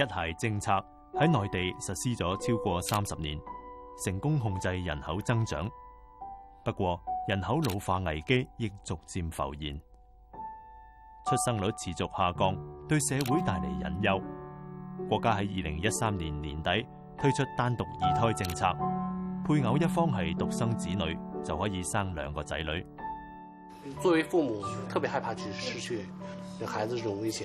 一孩政策喺內地實施咗超過三十年，成功控制人口增長。不過人口老化危機亦逐漸浮現，出生率持續下降，對社會帶嚟隱憂。國家喺二零一三年年底推出單獨二胎政策，配偶一方係獨生子女就可以生兩個仔女。作為父母，特別害怕去失去孩子這種危險。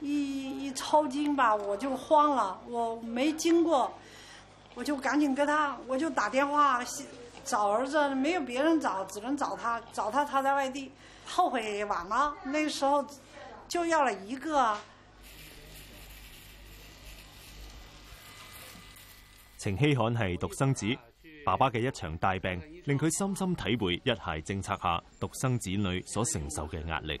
一一抽筋吧，我就慌了，我沒經過，我就趕緊給他，我就打電話找兒子，沒有別人找，只能找他，找他他在外地，後悔晚了。那個時候就要了一個。程希罕係獨生子，爸爸嘅一場大病令佢深深體會一孩政策下獨生子女所承受嘅壓力。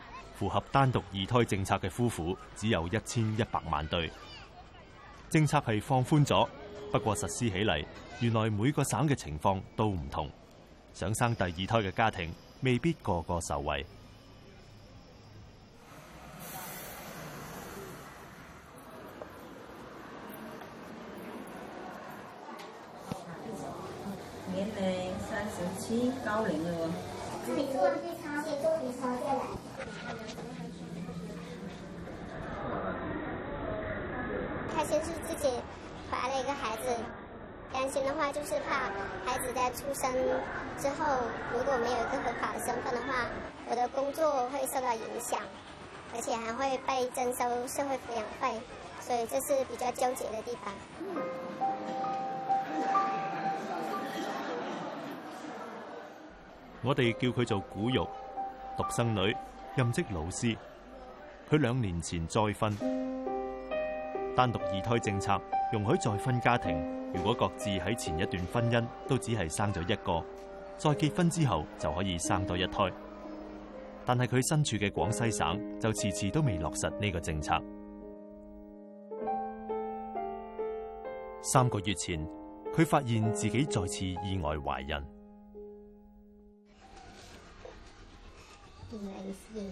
符合單獨二胎政策嘅夫婦只有一千一百萬對，政策係放寬咗，不過實施起嚟，原來每個省嘅情況都唔同，想生第二胎嘅家庭未必個個受惠。年齡三十七，高齡啊！在出生之後，如果沒有一個合法的身份的話，我的工作會受到影響，而且還會被徵收社會撫養費，所以這是比較糾結的地方。我哋叫佢做古玉，獨生女，任職老師。佢兩年前再婚，單獨二胎政策容許再婚家庭，如果各自喺前一段婚姻都只係生咗一個，再結婚之後就可以生多一胎，但係佢身處嘅廣西省就遲遲都未落實呢個政策。三個月前，佢發現自己再次意外懷孕。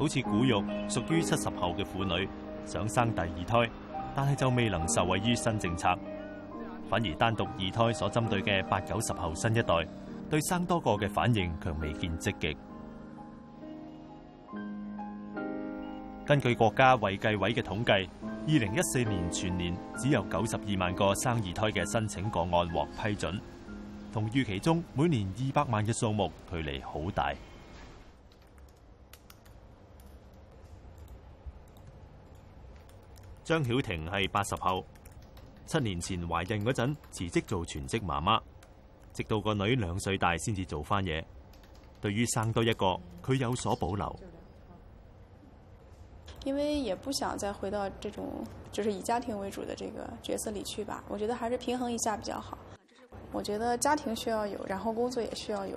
好似古玉，屬於七十後嘅婦女想生第二胎，但係就未能受惠於新政策，反而單獨二胎所針對嘅八九十後新一代，對生多個嘅反應卻未見積極。根據國家衛計委嘅統計，二零一四年全年只有九十二萬個生二胎嘅申請個案獲批准，同預期中每年二百萬嘅數目距離好大。張曉婷係八十後，七年前懷孕嗰陣辭職做全職媽媽，直到個女兩歲大先至做返嘢。對於生多一個，佢有所保留。因為也不想再回到這種就是以家庭為主的這個角色裏去吧。我覺得還是平衡一下比較好。我覺得家庭需要有，然後工作也需要有。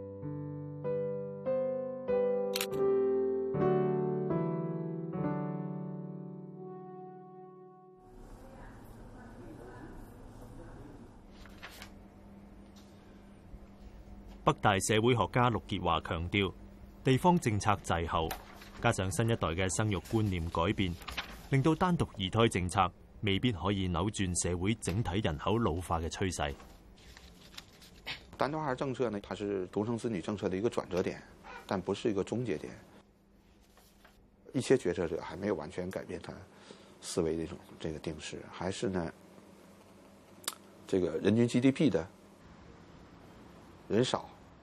北大社會學家陸傑華強調，地方政策滯後，加上新一代嘅生育觀念改變，令到單獨二胎政策未必可以扭轉社會整體人口老化嘅趨勢。單獨二胎政策呢，它是獨生子女政策的一個轉折點，但不是一個終結點。一些決策者還沒有完全改變他思維呢種這個定勢，還是呢，這個人均 GDP 的人少。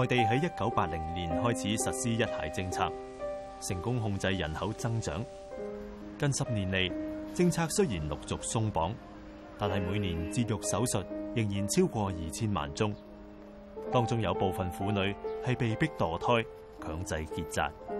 內地喺一九八零年開始實施一孩政策，成功控制人口增長。近十年嚟，政策雖然陸續鬆綁，但係每年節育手術仍然超過二千萬宗，當中有部分婦女係被逼墮胎、強制結紮。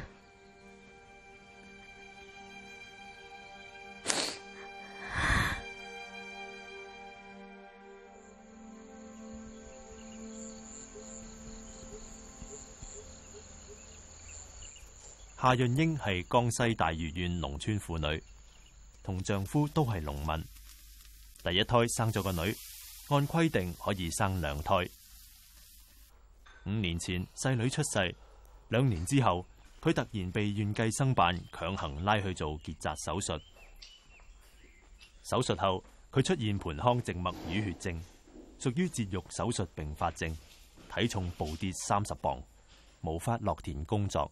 夏潤英係江西大余縣農村婦女，同丈夫都係農民。第一胎生咗個女，按規定可以生兩胎。五年前細女出世，兩年之後，佢突然被縣計生辦強行拉去做結紮手術。手術後，佢出現盆腔靜脈淤血症，屬於節育手術併發症，體重暴跌三十磅，無法落田工作。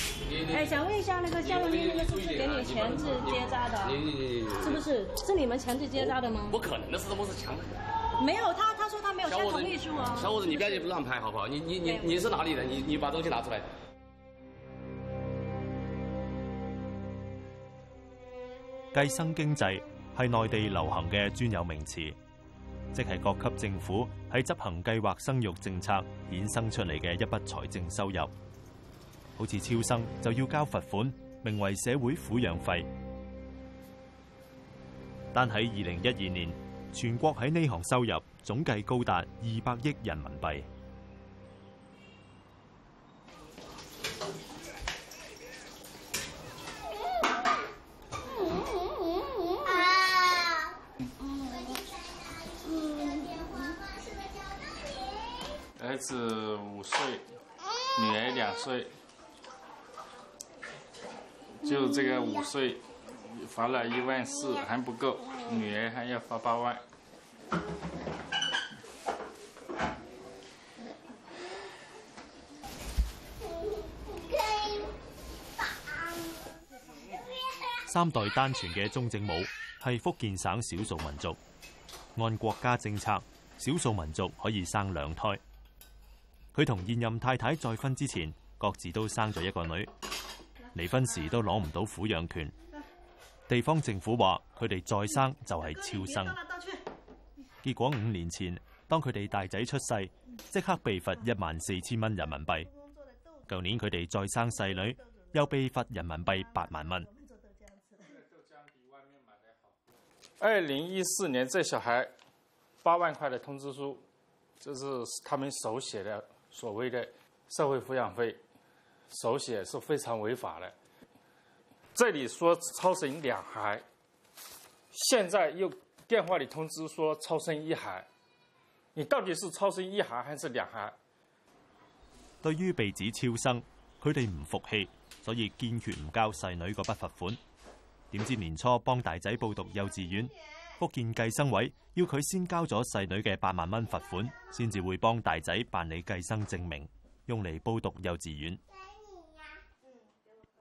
哎，想問一下，那個江文麗，那個是不是給你強制結紮的？是不是是你們強制結紮的嗎？不可能的，那是不是強？沒有，他他說他沒有簽同意書啊。小伙子，你不要亂拍好不好？你你你你是哪裏的你你，你，你，裏的你，你把東西拿出來。計生經濟係內地流行嘅專有名詞，即係各級政府喺執行計劃生育政策衍生出嚟嘅一筆財政收入。好似超生就要交罰款，名為社會撫養費。但喺二零一二年，全國喺呢行收入總計高達二百億人民幣。兒、嗯嗯嗯嗯嗯啊嗯、子五歲，女兒兩歲。就這個五歲罰了一萬四還不夠，女兒還要罰八萬。三代單傳嘅鐘正武係福建省少數民族，按國家政策，少數民族可以生兩胎。佢同現任太太再婚之前，各自都生咗一個女。離婚時都攞唔到撫養權，地方政府話佢哋，再生就係超生，結果五年前當佢哋大仔出世，即刻被罰一萬四千蚊人民幣。舊年佢哋再生細女，又被罰人民幣八萬蚊。二零一四年，這小孩八萬塊的通知書，這，就是他們手寫的所謂的社會撫養費。手寫是非常違法的。這裏說超生兩孩，現在又電話裏通知說超生一孩，你到底是超生一孩還是兩孩？對於被指超生，佢哋唔服氣，所以堅決唔交細女嗰筆罰款。點知年初幫大仔報讀幼稚園，福建計生委要佢先交咗細女嘅八萬蚊罰款，先至會幫大仔辦理計生證明，用嚟報讀幼稚園。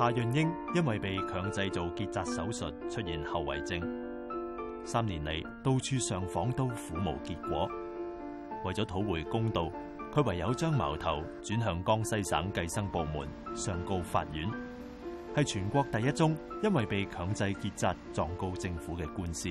夏潤英因為被強制做結紮手術，出現後遺症，三年嚟到處上訪都苦無結果。為咗討回公道，佢唯有將矛頭轉向江西省計生部門，上告法院。係全國第一宗因為被強制結紮狀告政府嘅官司。